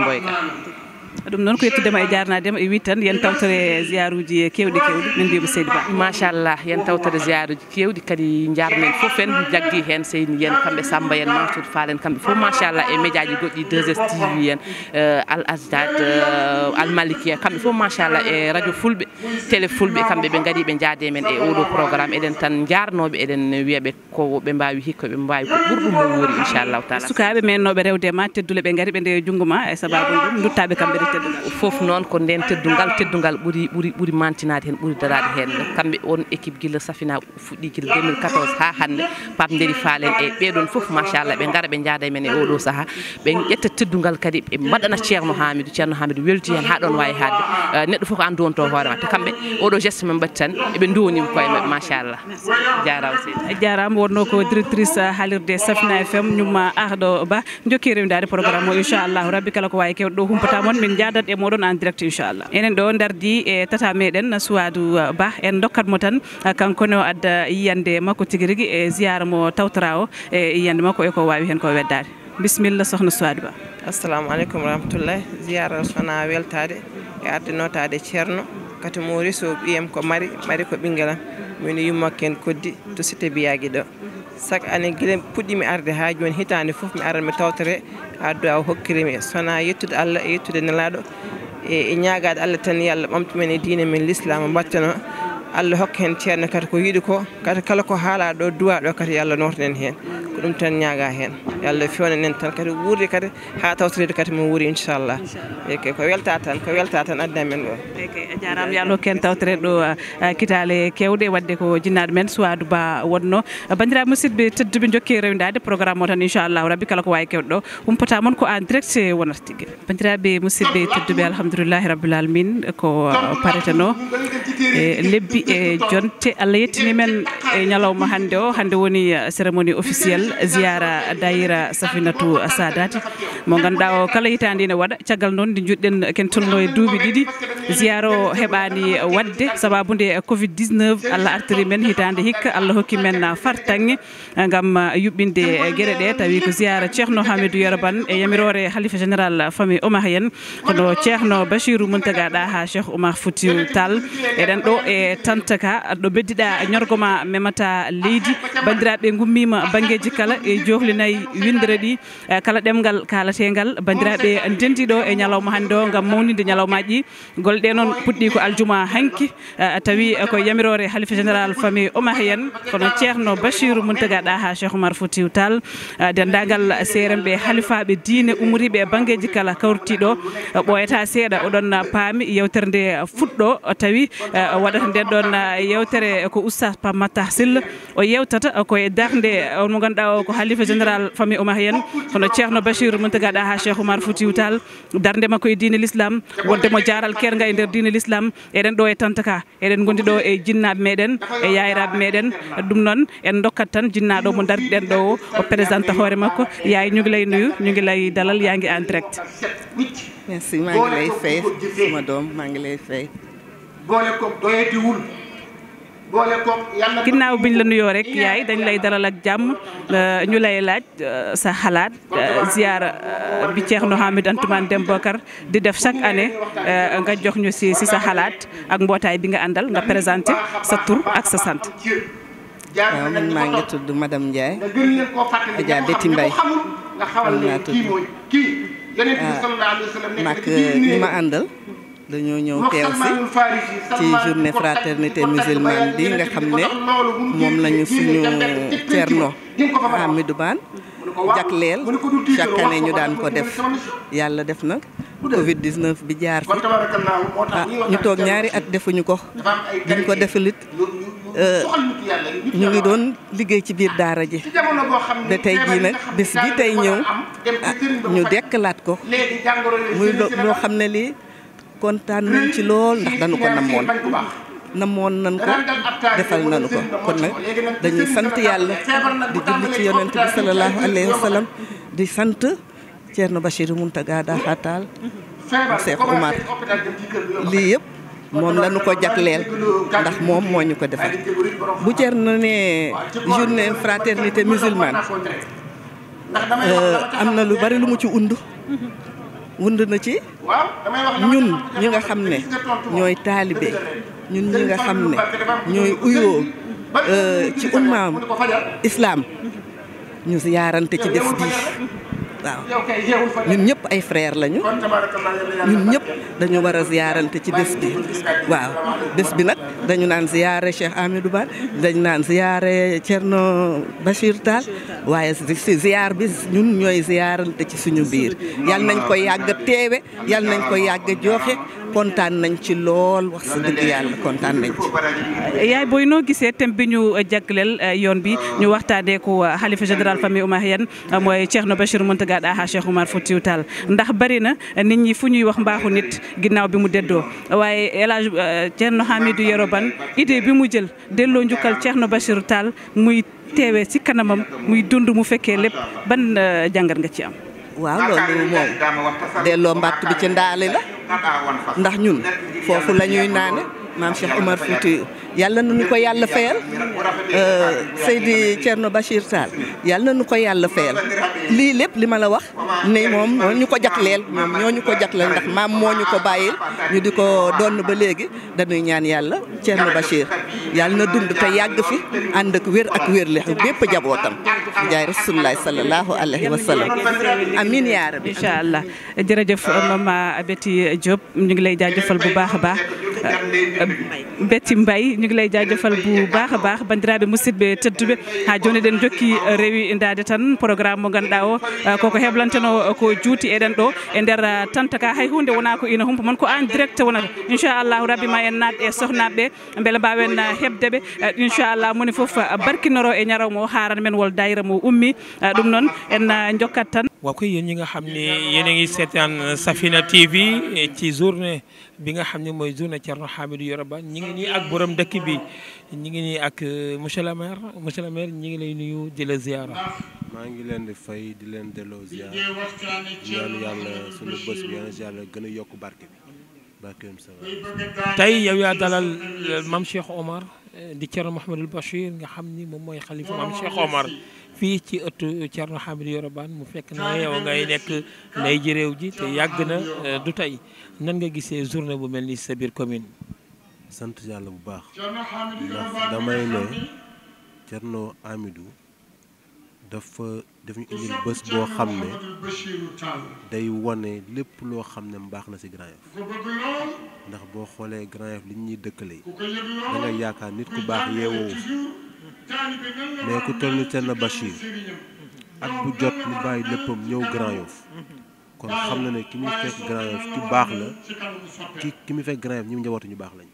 ɗum noon ko yettudema e jarnadema e wi tan yen tawtere ziyaruji e kewɗi kewɗi min mbima seydi ba machallah yen tawtere ziyaruji kewɗi kadi jarmen foof en jaggui hen seyni yen kamɓe samba en mansoud falen kamɓe foof machallah e médiaji goɗɗi deux s tv en euh, al asdad euh, almalikia kamɓe foof machallah e radio fulɓe télé fulɓe kamɓe ɓe gaari ɓe jaade men e oɗo programme eɗen tan jarnoɓe eɗen wiyaɓe koɓe mbawi hikka ɓe mbawi ko ɓurɗum mo wori inchallahu taala sukaɓe mennoɓe rewdema tedduleɓe gaari ɓe nde junggo ma e sababu ɗum duttaɓe kamɓe teddugal teddugal foof noon ko nden teddugal teddugal ɓuuri ɓuuri ɓuuri mantinade hen ɓuuri darade hen kamɓe on équipe guila safina fuɗɗi guila 2014 ha hande pamdiri faalen e ɓeɗon foof machallah ɓe gara ɓe jaada men e oɗo saaha ɓe ƴetta teddugal kadi ɓe mbaɗana ceerno hamidou ceerno hamidou welti hen ha ɗon wawi haalde euh, neɗɗo foof ko andu on to hoore ma te kamɓe oɗo geste men mbatti tan eɓe duwonima koye mabɓe machallah jarama seydi a jarama wonno ko directrice haalirde safina fm ñumma ahɗo ba jokki e rewdade programme o inchallahu rabbi kala ko wawi kewɗo ɗo humpata moon min jadat e moɗon en direct inchallah enen ɗo dardi e tata meɗen suwadou uh, ba en dokkatmo tan uh, kankone o adda yiyande makko tigui rigui e ziyara mo tawtora o e yiyande makko eko wawi hen ko weddade bisimillah sohna suwadou ba assalamu aleykum rahmatullah ziyara sona weltade e arde notade ceerno kati mo riso ɓiyam ko mari mari ko ɓinguelam min yummakken koddi to sitte biyagui ɗo chaque année guila puɗɗimi arde ha joni hitande foof mi arat mi tawtere ha do aw hokkirimi sona yettude allah e yettude nelaɗo e, e ñagade allah tan yo allah ɓamtumen e dina men l'islam mbatteno allah hokka heen ceerno kadi ko yiɗi ko kadi kala ko haalaa ɗo duwa ɗo kadi yo allah notanen heen ko ɗum tan ñaagaa heen yo allah fewnanen tan kadi wuurde kadi haa tawtoreede kadi mo wuuri inchallah eyi ko weltaa tan ko weltaa tan addan men ɗo a jaaraama yo allah hokki heen tawtoreede ɗo kitaale keewɗe wadde ko jinnaaɗo men suwaadu ba wonno banndiraaɓe musidɓe tedduɓe jokkii e rewndaade programme o tan inchallahu rabbi kala ko waawi keewɗe ɗo humpataa moon ko en direct e wonata tigi banndiraaɓe musidɓe tedduɓe alhamdoulillahi rabbil alamin ko pareteno e lebbi e jonte allah yettini men e ñalawma hannde o hannde woni uh, cérémonie officiel ziara dayira safinatou sadati mo ganduɗa o kala hitandi ne waɗa caggal noon nde juɗɗen ken tolno e duuɓi ɗiɗi ziyare o heɓani wadde sababu nde covid 19 allah artiri men hitande hikka allah hokki men fartange gam yuɓɓinde gueɗe ɗe tawi ko ziyara ceerno hamidou yeroban e yamirore halifa général famille omar yen hono ceerno bachirou mountaga ɗa ha cheikh oumar fouti tall eɗen ɗo e tantaka ɗo beddiɗa ñorgo ma memata leydi bandiraɓe gummima bangueji kala e johlinayyi windere ɗi e kala ɗemgal kalategal bandiraɓe dendiɗo e ñalawma hande o gam mawnide ñalawmaji ɗi golɗe noon puɗɗi ko aljuma hanki tawi ko yamirore halife général fami omahi en kono ceerno bachirou mountaga ɗaha cheikh oumar fotiw tall dendagal seremɓe halifaɓe diine umriɓe e banggueji kala kawrtiɗo ɓoyata seeɗa oɗon paami yewtere nde fuɗɗo tawi waɗata nden ɗon yewtere ko oustat pamata sylla o yewtata koye darde on mo ganduɗa ko halifa général fami omahi en kono ceerno bachirou mountaga ɗaha cheikh oumar fotiw tall darde makko e diine l'islam wondemo jaaral kerga e nder diine l'islam eɗen do e tantaka eɗen gondi do e jinnaabe meden e yayiraɓe meden dum non en dokkat tan jinnaado mo dar den do o présente hore makko ngi lay nuyu lay dalal yaangi en direct merci ma ngi lay fay ma doom ma ngi lay fay boole ko doyeti wul ginnaaw biñ la nuyo rek yaay dañ lay dalal ak jam ñu lay laaj euh, sa xalaat ziara euh, bi Thierno Hamidou Antoumane Deme Bokar di def chaque année euh, nga jox ñu ci sa xalaat ak mbotay bi nga andal nga présenter sa tour ak sa sante madame ah, ma dañoo ñëw teew si ci journée fraternité musulmane bi nga xam ne moom lañu suñu Thierno Hamidou Bane jagleel chaque ñu daan ko def yàlla def na covid 19 bi jaar fi ñu toog ñaari at defuñu ko diñ ko defalit ñu ngi doon liggéey ci biir daara ji ba tey jii nag bés bi tey ñëw ah ñu dekkalaat ko muy loo xam ne lii kontaan nañ ci lool ndax dañu ko namoon namoon nañ ko defal nañu ko kon nag dañuy sant yàlla di julli ci yonent bi sallallahu alayhi wa di sant Thierno Bachir Mountaga Daha Tall Cheikh lii yëpp moom lañu ko jagleel ndax moom moo ñu ko defal bu Thierno ne journée fraternité musulmane euh, am na lu bari lu mu ci undu wund na ci ñun ñi nga xam ne ñooy taalibe ñun ñi nga xam ne ñooy uyoo euh, ci ummaam islaam ñu yaarante ci bés bii waaw ñun ñëpp ay frère lañu ñun ñëpp dañu war a ziyaarante ci bés bi waaw bés bi nag dañu naan ziyaare Cheikh Amadou Ba dañu naan ziyaare Thierno Bachir Tall waaye ziyaar bi ñun ñooy ziyaarante ci suñu biir yal nañ ko yàgg teewe yal nañ ko yàgg jooxe kontaan nañ ci lool wax sa dëgg kontaan nañ ci. Euh, yaay booy noo gisee thème bi ñu euh, jagleel euh, yoon bi ñu waxtaanee ko xalifa général famille Oumarienne mooy Thierno Bachir Mountaga Daha Cheikh Oumar Foutiyou Tall ndax bari na nit ñi fu ñuy wax mbaaxu nit ginnaaw bi mu déddoo waaye El Hadj Thierno Hamidou Yoroban idée bi mu jël delloo njukkal Thierno Bachir taal muy teewe ci kanamam muy dund mu fekkee lépp ban jàngat nga ci am. waaw loolu moom delloo mbàtt bi ci ndaali la ndax ñun foofu la ñuy naane maam Cheikh Omar Fouti yàlla na ñu ko yàlla fayal euh, Seydi Thierno Bachir Tall yàlla na ñu ko yàlla fayal lii lépp li ma la wax ne moom moo ñu ko jagleel moom ñoo ñu ko jagleel ndax maam moo ñu ko bàyyil ñu di ko donn ba léegi dañuy ñaan yàlla Thierno Bachir yàlla na dund te yàgg fi ànd ak wér ak wér li bépp jabootam jaay rasulullahi sallallahu alayhi wa amin yaa rabbi incha allah jërëjëf mama Betty Diop ñu ngi lay jaajëfal bu baax a baax betty mbay ñu ngi lay jaajëfal bu baax a baax bandiraaɓe musidɓe tëddɓe ha jooni ɗen jokki rewi ndaade tan programme mo ngannduɗaa o euh, koko heblanteno euh, ko juuti eɗen ɗo e ndeer euh, tanta ka hay hunde wona ko ina humpa moon ko an direct wonata inchallahu rabbi ma en naatɗe e sohnaaɓe ɓe mbele mbawen heɓde ɓe inchallah moni foof barkinoro e ñarawmo o haran men wol dayra mo ummi ɗum noon en jokkat tan waaw koy yéen ñi nga xam ne yéen a ngi seetaan Safina TV ci journée bi nga xam ne mooy journée Thierno Hamidou Yero Ba ñi ngi nii ak borom dëkk bi ñi ngi nii ak monsieur le maire monsieur le maire ñi ngi lay nuyu di la ziara maa ngi leen di fay di leen delloo ziara ñaan yàlla suñu bés bi yaan yàlla gën a yokk barke bi barkeem sa tey yow yaa dalal maam Cheikh Omar di Thierno Mouhamadou Bachir nga xam ni moom mooy xalifa maam Cheikh Omar fii ci ëttu Thierno Hamidou Yoro Bane mu fekk na yow ngay nekk nday ji réew ji te yàgg na eh, du tey nan nga gisee journée bu mel ni sa biir commune. sant yàlla bu baax ndax damay ne Thierno Hamidou dafa daf ñu indil bés boo xam ne day wane lépp loo xam ne mbaax na ci Grand Yoff ndax boo xoolee Grand Yoff li ñuy dëkkale da nga yaakaar nit ku baax yeewoo. mais ku toll ni Thierno Bachir at bu jot mu bàyyi léppam ñëw Grand Yoff kon xam na ne ki muy fekk Grand Yoff ki baax la ki ki muy fekk Grand Yoff ñi mu njabootu ñu baax lañ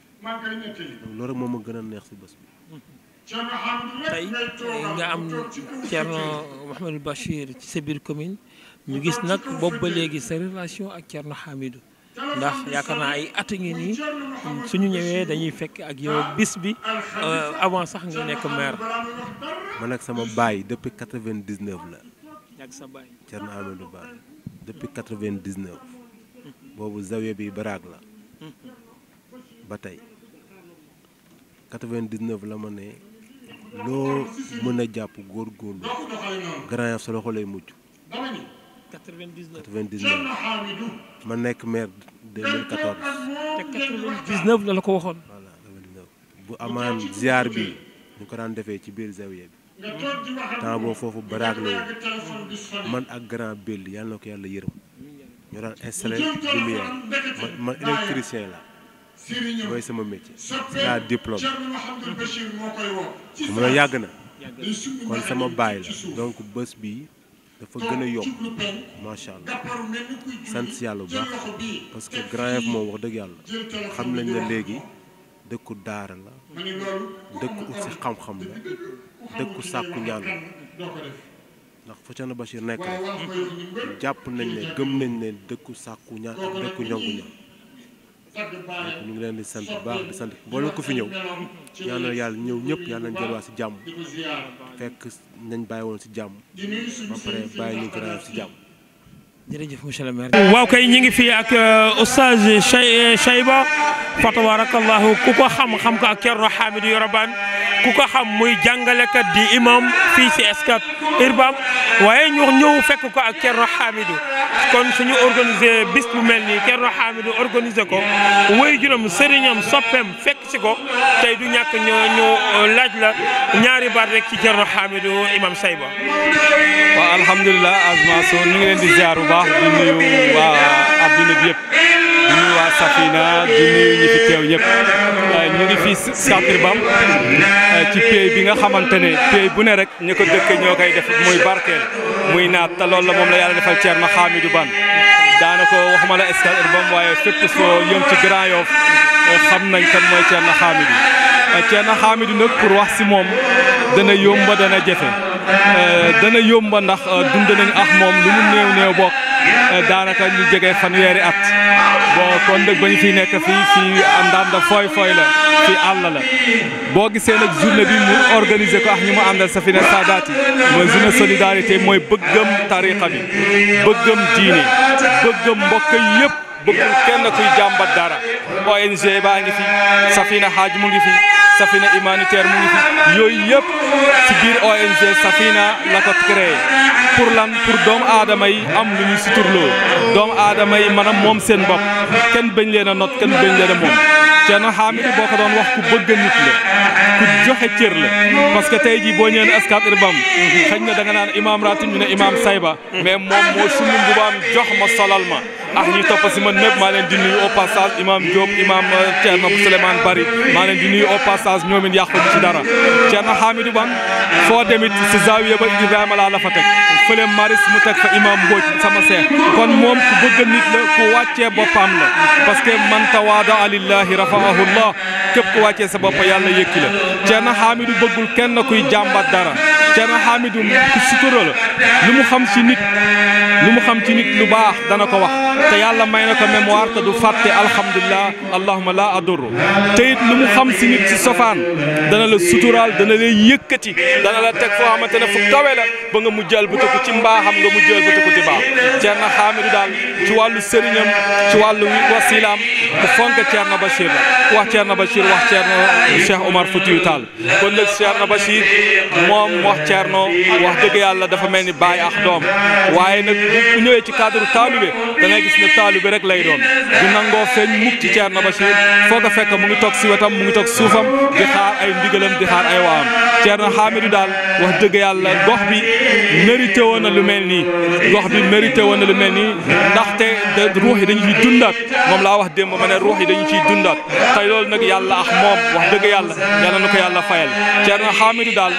loolu rek moom a gën a neex si bés bi tey nga am Thierno Mouhamadou Bachir ci sa biir commune ñu gis nag boobu ba léegi sa relation ak Thierno Hamidou ndax yaakaar naa ay at ngi nii mm, suñu ñëwee dañuy fekk ak yow bis bi euh, avant sax nga nekk maire. man ak sama baay depuis quatre-vingt-dix-neuf la. ak sa baay Thierno baax Ba depuis quatre-vingt-dix-neuf. Mm-hmm. boobu zawiya bi baraag la. Mm-hmm. ba tey quatre-vingt-dix-neuf la ma ne loo mën a jàpp góor Grand Yoff sa loxo lay mujj. 99 99 ma nekk maire 2014. te 99 la ko waxoon. bu amaan ziar bi ñu ko daan defee ci biir zawiya bi. temps foofu baraag la man ak grand bill yàlla na ko yàlla yërëm ñu daan installé lumière man man électricien la mooy sama métier la diplôme mu yàgg na kon sama baay la donc bés bi dafa gën a yomb macha allah sant si yàlla bu baax parce que Grand Yoff moom wax dëgg yàlla xam nañ ne léegi dëkku daara la dëkku ut si xam-xam la dëkku sàkku ñaan la ndax Fatiana Bachir nekk rek jàpp nañ ne gëm nañ ne dëkku sàkku ñaan ak dëkku ñongu ñaan ñu ngi leen di sant bu baax di sant boole ko fi ñëw ñaanal yàlla ñëw ñëpp yàlla nañ delluwaat si jàmm fekk nañ bàyyi woon si jàmm ba pare bàyyi ñu Grand Yoff jàmm. jërëjëf monsieur le maire. waaw kay ñu ngi fii ak oustaz Cheyba fa tabarakallahu ku xam xam ko ak Thierno Hamidou Yoroban ku xam muy jàngalekat di imam fii si Scat Urbam waaye ñu ñëw fekk ko ak Thierno Hamidou kon suñu organisé bis bu mel nii Thierno Hamidou organisé ko wéy juróom sëriñam soppeem fekk si ko tey du ñàkk ñu laaj la ñaari baat rek ci Thierno Hamidou imam Cheyba. waaw alhamdulilah Asma so ñu ngi leen di ziar bu baax di nuyu waa adduna bi yëpp di nuyu waa Safina di nuyu ñi fi teew ñëpp euh, ñu ngi fii Saakir euh, ci pay bi nga xamante ne pay bu ne rek ñu ko dëkk ñoo koy def muy barkeel muy naat te loolu la moom la yàlla defal Thierno Hamidou Bane daanaka waxuma la Scat Urbam waaye fépp soo yëm ci Grand Yoff euh, xam nañ kan mooy Thierno Hamidou Thierno Hamidou nag pour wax si moom dana yomba dana jafe dana yomba ndax dund nañ moom lu mu néew néew bokk Eh, daanaka ñu jege fanweeri at bon kon dëgg ba ñu fi nekk fii fi àndaan da fooy la fii àll la boo gisee nag journée bi mu organiser ko ak ñu mu àndal Safina Saadaati mooy journée solidarité mooy bëggam tariqa bi bëggam diine bëggam mbokk yëpp. bëggul kenn kuy jàmbat dara ONG baa ngi fi Safina Hadj mu ngi fi Safina humanitaire mu ngi fi yooyu yëpp ci biir ONG Safina la ko créé pour lan pour dom aadama yi am lu ñu suturloo doomu aadama yi maanaam moom seen bopp bañ leen not kenn bañ leen a moom Thierno Hamidou boo ko doon wax ku bëgg nit la ku joxe cër la parce que tey jii boo ñëwee ne Scat Urbam na da nga naan imaam Ratib ñu ne imaam Sayba mais moom moo sumb mbubaam jox ma solal ma ah ñi topp si man ñëpp maa leen di nuyu au passage imam Diop imam euh, Thierno Souleymane Bari maa leen di nuyu au passage ñoom it ci dara Thierno Hamidou Bane foo demit si zaawiya ba Ibrahima laa la fa teg fële maris mu teg fa imam Mbodj sama seex kon moom ku bëgg nit la ku wàccee boppam la parce que man tawaada alillahi rafaahu llah képp ku wàccee sa bopp yàlla yëkki la Thierno Hamidou bëggul kenn kuy jàmbat dara Thierno Hamidou ku sutura la lu mu xam ci nit lu mu xam ci nit lu baax dana ko wax te yàlla may na ko mémoire te du fàtte alhamdulilah allahuma la adoro te it lu mu xam ci nit ci sofaan dana la suturaal dana lay yëkkati dana la teg foo xamante ne fu kawe la ba nga mu jël bëtiku ci mbaaxam nga mu jël bëtiku ci baax Thierno Hamidou daal ci wàllu sëriñam ci wàllu wasilaam ku fonk Thierno Bachir la ku wax Thierno Bachir wax Thierno Cheikh Omar Foutiyou Tall kon nag Thierno Bachir moom wax تشيرنو واخ دغ يالا دا فا ملني باي اخ دوم وايي نك بو نيوي سي كادر طالبي دا ناي غيس ن طالبي رك لاي دون دي نانغو فين موك تي تشيرنو باشي فوغا فك موغي توك سي واتام موغي توك سوفام دي خار اي نديغلام دي خار اي وام تشيرنو حامدو دال واخ دغ يالا غوخ بي ميريتي وونا لو ملني غوخ بي ميريتي وونا لو ملني داختي د روحي دنجي دوندات موم لا واخ ديم مانا روحي دنجي دوندات نك يالا اخ فايل تشيرنو حامدو دال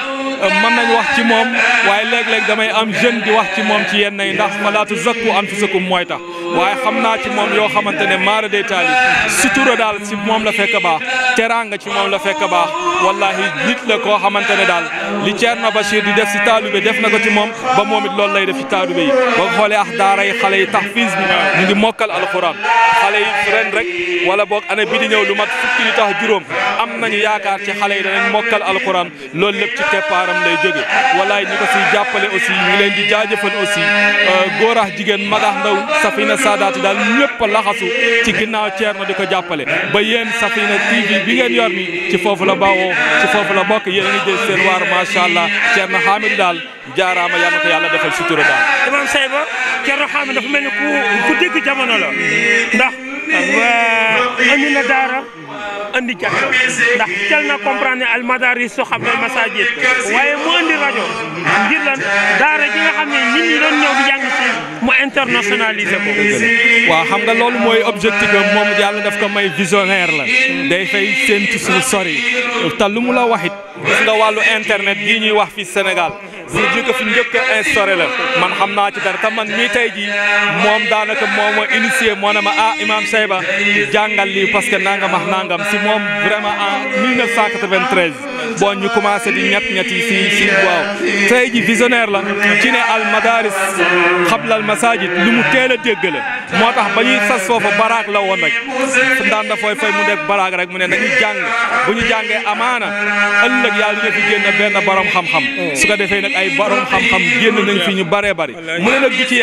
مان wax ci moom waaye léeg-léeg damay am jeune di wax ci moom ci yenn yi ndax malaatu zakku anfusakum mooy tax waaye xam naa ci moom yoo xamante ne maara day taali sutura daal ci moom la fekk baax teraanga ci moom la fekk baax wallahi nit la koo xamante ne daal li ba Bachir di def si taalube def na ko ci moom ba moom it loolu lay def si taalube yi boo xoolee ax daaray xale yi tahfiz bi ñu ngi mokkal alxuraan xale yi ren rek wala boog année bi di ñëw lu mat fukki li tax juróom am nañu yaakaar ci xale yi danañ mokkal alxuraan loolu lépp ci keppaaram lay jóge walaay ñi ko siy jàppale aussi ñu leen di jaajëfal aussi euh, góor ak jigéen mag ak ndaw Safina Saadaati daal ñëpp laxasu ci ginnaaw Thierno di ko jàppale ba yéen Safina bi ngeen yor ni ci foofu la bawoo ci a ngi jël macha allah Thierno Hamidou daal jaaraama yàlla ko yàlla defal sutura daal. imam Seyba Thierno Hamidou dafa mel ni ku ku dégg jamono la ndax. amina daara. andi jàkka ndax tel na comprendre ne almadaris soo xam ne masajid waaye mu andi rajo ngir lan daara ji nga xam ne nit ñi doon ñëw di jàng si mu internationaliser ko. waaw xam nga loolu mooy objectif am moom yàlla daf ko may visionnaire la day fay séntu suñu sori te lu mu la waxit gis nga wàllu internet gii ñuy wax fii Sénégal. jur ji ko fi njëkk a instauré man xam naa ci dara te man mii tey jii moom daanaka moom a initié ma a ah, Imam Seyba jàngal lii parce que nangam ak nangam si moom vraiment a 1993 bon ñu commencé di ñett ñett si si waaw tey jii visionnaire la ci ne al madaris xabla al masajid lu mu teel a dégg la moo tax ba ñuy sas foofa baraak la woon rek ndaan dafay fay mu nekk baraak rek mu ne nañu jàng bu ñu jàngee amaana ëllëg yàlla ñu fi génn benn borom xam-xam su ko ay borom xam-xam genn nañ fi ñu bare bare mu ne nak du ci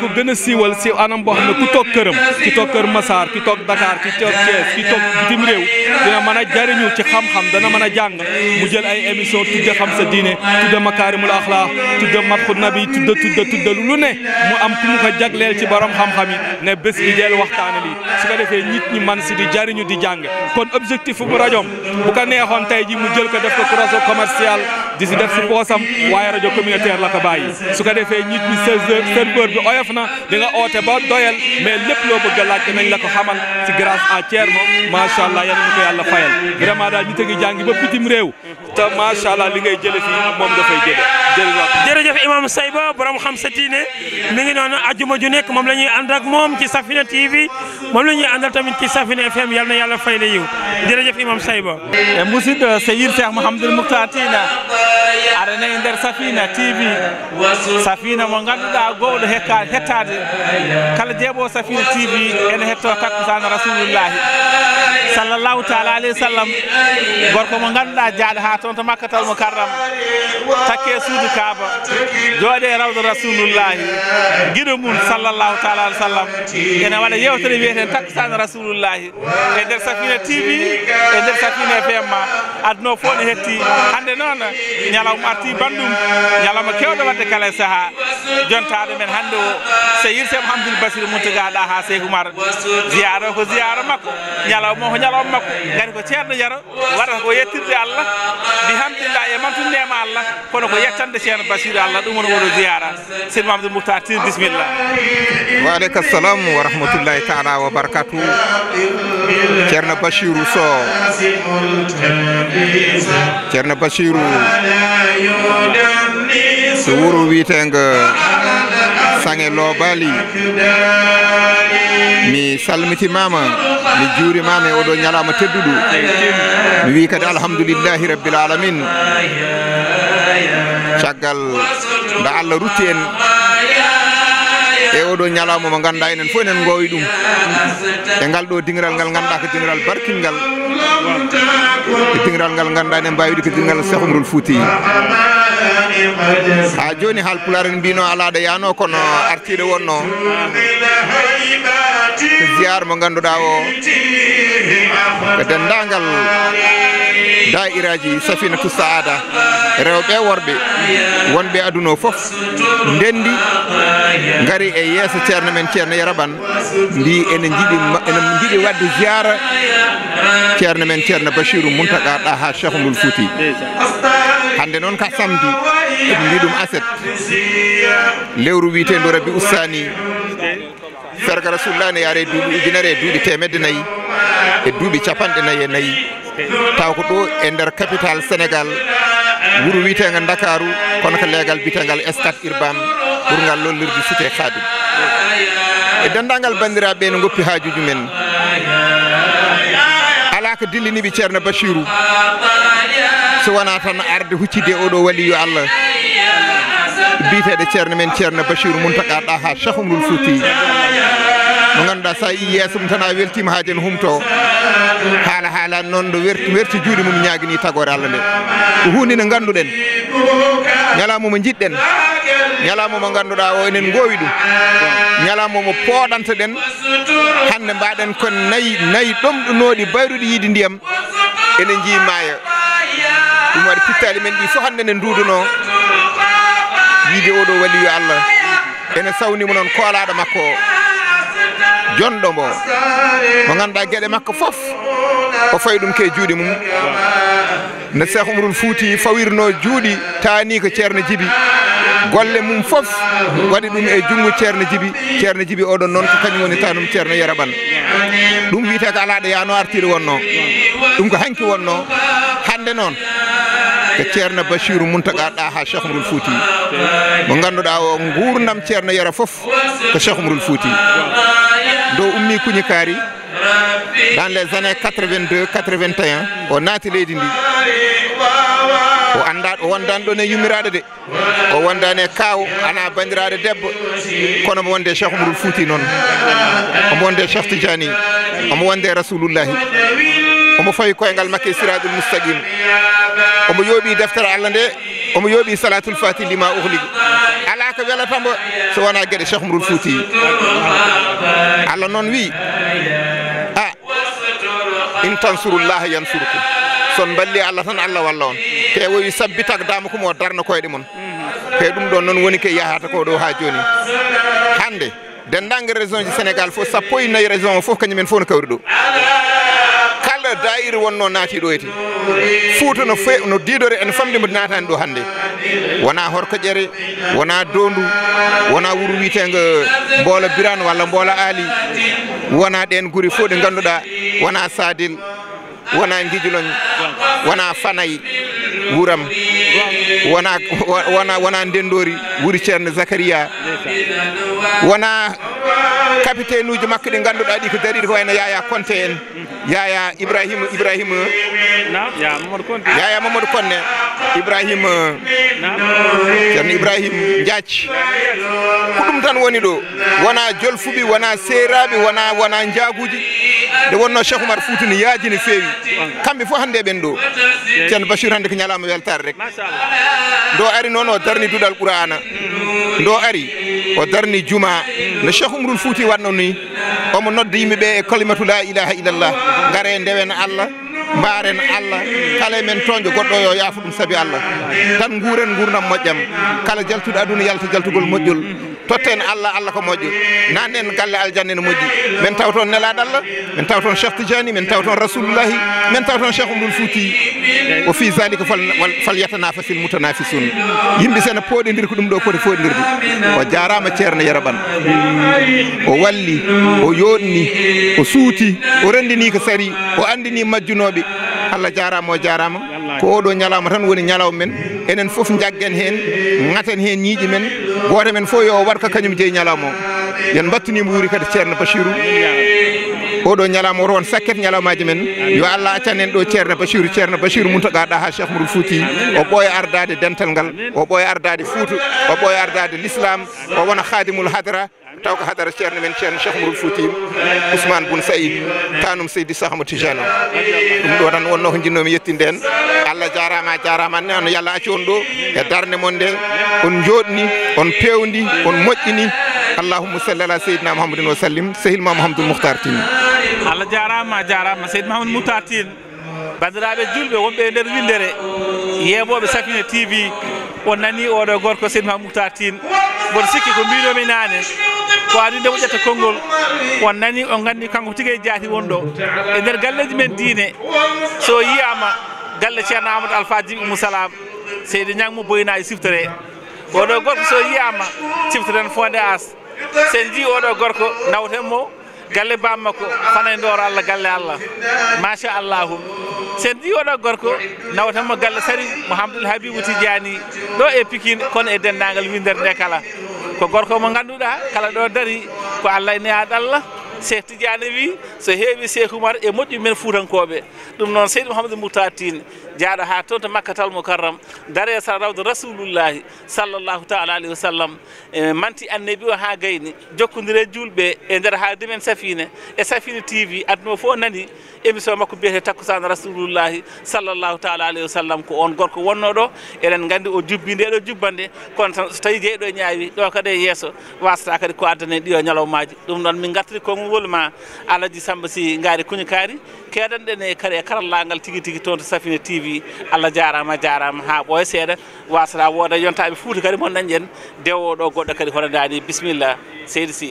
ko gëna siwal si anam bo xamne ku tok kërëm ki tok kër Massar ki tok Dakar ki tok Thiès ki tok bitim rew dina mëna jariñu ci xam-xam dana mëna jang. mu jël ay émission tudde xam sa diine tudde makaarimul axlaax tudde mabxu nabi tudde tudde tudde lu ne mu am ku ko jaglél ci borom xam-xam yi ne bës bi deel waxtaane li. su ko defee nit ñi man ci di jariñu di jang kon objectif bu rajom bu ko neexon tay ji mu jël ko def ko commercial di ci def ci posam waye radio communautaire la ko bàyyi su ko defé nit ñi sa serveur bi oyof na di nga oté ba doyal mais lepp lo bëgg a laaj la ko xamal ci grâce à mo ma sha allah yalla na ko yàlla fayal vraiment daal ñu a jangi jàngi ba bitim ta ma sha allah li ngay fi mom da fay moom dafay wax jërëjëf jëf imam Sayba borom xam sa diine mi ngi non aljuma ju nek mom lañuy and ak mom ci Safina TV mom lañuy andal tamit ci Safina FM yalla yalla fayle fay la jëf imam Sayba musid Seyyid Cheikh Mouhamadoul Mokhtar Tina nder safina tv safina mo ganduɗa gowɗo hekka hettade kala jeeɓo safina tv ene hetto kakkusano rasulullahi sallallahu taala alayhi wa sallam gorko mo ganduɗa jaaɗo ha toon to makka taw mo karram takke suudu kaaba jooɗe rawdo rasulullahi guiɗo mum sallallahu taala alih wa sallam ene waɗa yewtere wiyeten takkusano rasulullahi e nder safina tv e nder safina fm ma adduno fo ne hetti hande noon ñalawma arti bandu ɗum ñalawma kewɗo wadde kala e saaha jontaɗo men hande o so yirsem hamdoul basir muntagaɗa ha seykoumar ziyara ko ziyara makko ñalawma ko ñalawma makko gari ko ceerno yaro waɗata ko yettirde allah mbi hamdoulillah e mantunnema allah kono ko yettande ceerno basir allah ɗum won woto ziyara sirma amdou mouhtar tin bisimilla waaleykum salam wa rahmatullahi taala wa barakatu ceerno bachirou so ceerno bachirou so witenga sangé sange bali mi mama mi mama o do nyalama teddudu mi wi kadi alhamdulillahi rabbil alamin caggal da alla rutien en e oɗo ñalawma mo ganda enen fo enen gowi dum e ngal do dingral ngal ganda ko dingiral barkingal e dingiral ngal ganduɗa enen mbawi ɗi ko dingiral sehumrol ha joni halpularen mbino alaɗa yano kono artide wonno ziyare mo ganduɗa o e dendagal da'iraji safina tu saada rewɓe worɓe wonɓe aduna o foof ndendi gaari e yeeso ceerno men ceerno yaraban mbi ene jiɗi ene jiɗi wadde jiyara ceerno men ceerno bachirou muntaga ɗa ha cheikhu ngol fouti hande noon ka samdi eɓe mbi ɗum aset lewru witendu rabbi ustani sergue rasulullah ne yaare duuɓi ujunare e duuɓi e temedde nayyi e duuɓi capanɗe nayyi e nayyi taw ko ɗo e nder capital sénégal wuuro wiyetega dakaru kono ko leegal biyetegal stat urban ɓurgal lollirde cité kadim e dendagal bandiraɓe ne goppi hajuji men ala ko dilliniɓe ceerno bachirou so wona tan arde huccidde oɗo waliyo allah biyeteɗe ceerno men ceerno bachirou muntaka ɗa ha chahumrul fouti mo ganduɗa sa yi yeeso mum tan a weltima haaji en humto haala haalani noon no werti werti juuɗe mum ñaguini tagore allah nde ko hunde nde ganduɗen ñalamu mo jiɗɗen ñalamu mo ganduɗa o enen gowi ɗum ñalamu mo pooɗanta ɗen hande mbaɗen kon nayyi nayyi ɗomɗunoɗi bayruɗi yiide ndiyam ene jii maayo ɗum waɗi pittali men ɗi fo hande nde duduno yiide oɗo walliyo allah ene sawnimo noon koolaɗo makko o jonɗo mo mo ganduɗa gueɗe makko foof o fawi ɗum ke juuɗe mum nde cheikh umrul fouti fawirno juuɗi tani ko ceerno djibi golle mum foof waɗi ɗum e jungngo ceerno djibi ceerno djibi oɗon noon ko kañum woni tanum ceerno yaraɓan ɗum wiyete ko alaɗo yano artiɗo wonno ɗum ko hanki wonno hande noon ko ceerno basiru muntaga ɗa ha chehmrul fouti mo ganduɗa o gurdam ceerno yara foof ko chehmrul fouti do ummi kuñi kaari dans les années 82 81 o naati leydi ndi o anda o wondani ɗon e yummiraɗo de o wondani e kaw ana bandiraɗo debbo kono mo wonde chehmrul fouti noon omo wonde chef tidiani omo wonde rasulullahi omo fawi koyengal makke siraɗul moustaqim omo yooɓi deftere allah nde omo yooɓi salatul fati lima ohligu ala ko welatamo so wona gueɗe cheikh mrul fouti allah noon wi a in tansurullaha yansurukum son balli allah tan allah walla on te wowi sabbitak dama kumo darna koyɗe moon te ɗum ɗon noon woni ke yahata ko ɗo ha joni hande dendagal région ji sénégal fof sappo e nayyi région o fof kañumen fof no kawri ɗo kala dayiri wonno naati ɗo ete fouta no fe no didore ene famdi mo natani ɗo hande wona horko ƴere wona dondu wona wuuro witego mboola birane walla mboola aali wona ɗen guuri fo ɗe ganduɗa wona sadil wona gijulon wona fanayi wuram wona wona wona ndendori wuuri ceerno zacharia wona capitaine uji makko ɗi ganduɗa ɗi ko dariɗi ko wayno yaya conte en yaya ibrahima ibrahima yaya mamadou conne ibrahima ceerno ibrahima diatc ko ɗum tan woni ɗo wona jolfuɓi wona seeraɓe wona wona jaaguji nde wonno cheikh oumar foutini yaajini feewi kamɓe fof hannde e ɓen ɗo ceerno bachir hannde ko ñalama weltare rek ndo ari noon o darni duɗal qur'ana ndo ari o darni juma no cheikh oumrul fouti watno ni omo nodde yimɓeɓe e kalimatu la ilaha illallah gare ndewen allah mbaren allah kala e men toñƴo goɗɗo yo yaafa ɗum saabi allah tan nguren nguurnam moƴƴam kala jaltuɗo aduna yalta jaltugol moƴƴol توتين الله الله كموجي نانين قال الجنة موجي من تاوتون نلا دالا من تاوتون شيخ تجاني من تاوتون رسول الله من تاوتون شيخ عبد الفوتي وفي ذلك فل فليتنافس المتنافسون يمبي سنا بود ندير كدوم دو كودي فود ندير وجارا ما تيرنا يا ربان وولي ويوني وسوتي ورندني كسري واندني مجنوبي الله جارا مو جارا مو ko oɗo ñalawma tan woni ñalaw men enen foof jaggen hen gaten hen ñiiƴi men goto men fof yo warka kañum jeeyi ñalawma o yen battanima wuuri kadi ceerno bachirou oɗo ñalawma oto won sakket ñalawmaji men yo allah accan en ɗo ceerno bachirou ceerno bachirou moutaga ɗa ha chef mudou fouti o ɓooya ardade dental ngal o ɓooya ardade fouto o ɓooya ardade l'islam o wona khadimoul hadra taw ko haadara ceerno men ceerno cheikh mourol foutim ousmane boune saïd tanum seydi sahma tijano ɗum ɗo tan wonno ko jinnomi yettinden allah jarama a jarama ne no yalla acci on ɗo e darde mon nde on joɗni on pewdi on moƴƴini allahumma salli ala seydina mouhamadin wa sallim sehilma mouhamadoul mouhtar tine allah jarama a jarama seyd mahamadou mouhtar tine bandiraɓe julɓe wonɓe e nder windere yeɓoɓe safina tv o nani oɗo gorko seydi mahamou mouhtar tine bon sikki ko mbinomi nane ko adinde moƴƴata konngol on nani on nganndi kanko tigue jaati won ɗo e nder galleji men diine so yiyama galle ceerno amadou alpha djiɓi moussalam seydi ñagmo boyina e siftere oɗo gorko so yiyama siftere n fonde as sen ji oɗo gorko nawtenmo galle bammakko fana e ndoro allah galle allah machallahum sen ɗi oɗo gorko nawatanmo galle sari mouhamadoul habibou tidiani ɗo e pikine kono e dendagal winder nde kala ko gorko mo ganduɗa kala ɗo dari ko allah e neyaɗ allah cheikh tidiani wi so heewi cheikh oumar e moƴƴu men fuutankoɓe ɗum noon seydi mouhamadou mourta tine jaaɗo haa toon to makkatal mukarram dare sa rawde rasulullahi sallllahu taala alayhi wa sallam e manti annabi o haa gayni jokkondire julɓe e ndeer haalde men safine e safine tv aduna o fof nani émission makko biyete takkusan rasulullahi sallllahu taala alayhi wa sallam ko on gorko wonno ɗo eɗen nganndi o jubbi ndeɗo jubbande kono tan so tawi jeyɗo e ñaawi ɗo kadi e yesso wasata kadi ko addane ɗiyo ñalowmaji ɗum ɗon min gartiri kongowol ma alaji samba si gaari kuñi kaari keɗanɗen e kadi e karallangal tigui tigui toon to safine tv wi allah jarama jarama ha ɓooya seeɗa wasata wooda yontaɓe fuuta kadi mo dañƴen dewoɗo goɗɗo kadi hono dani bisimilla seydi sy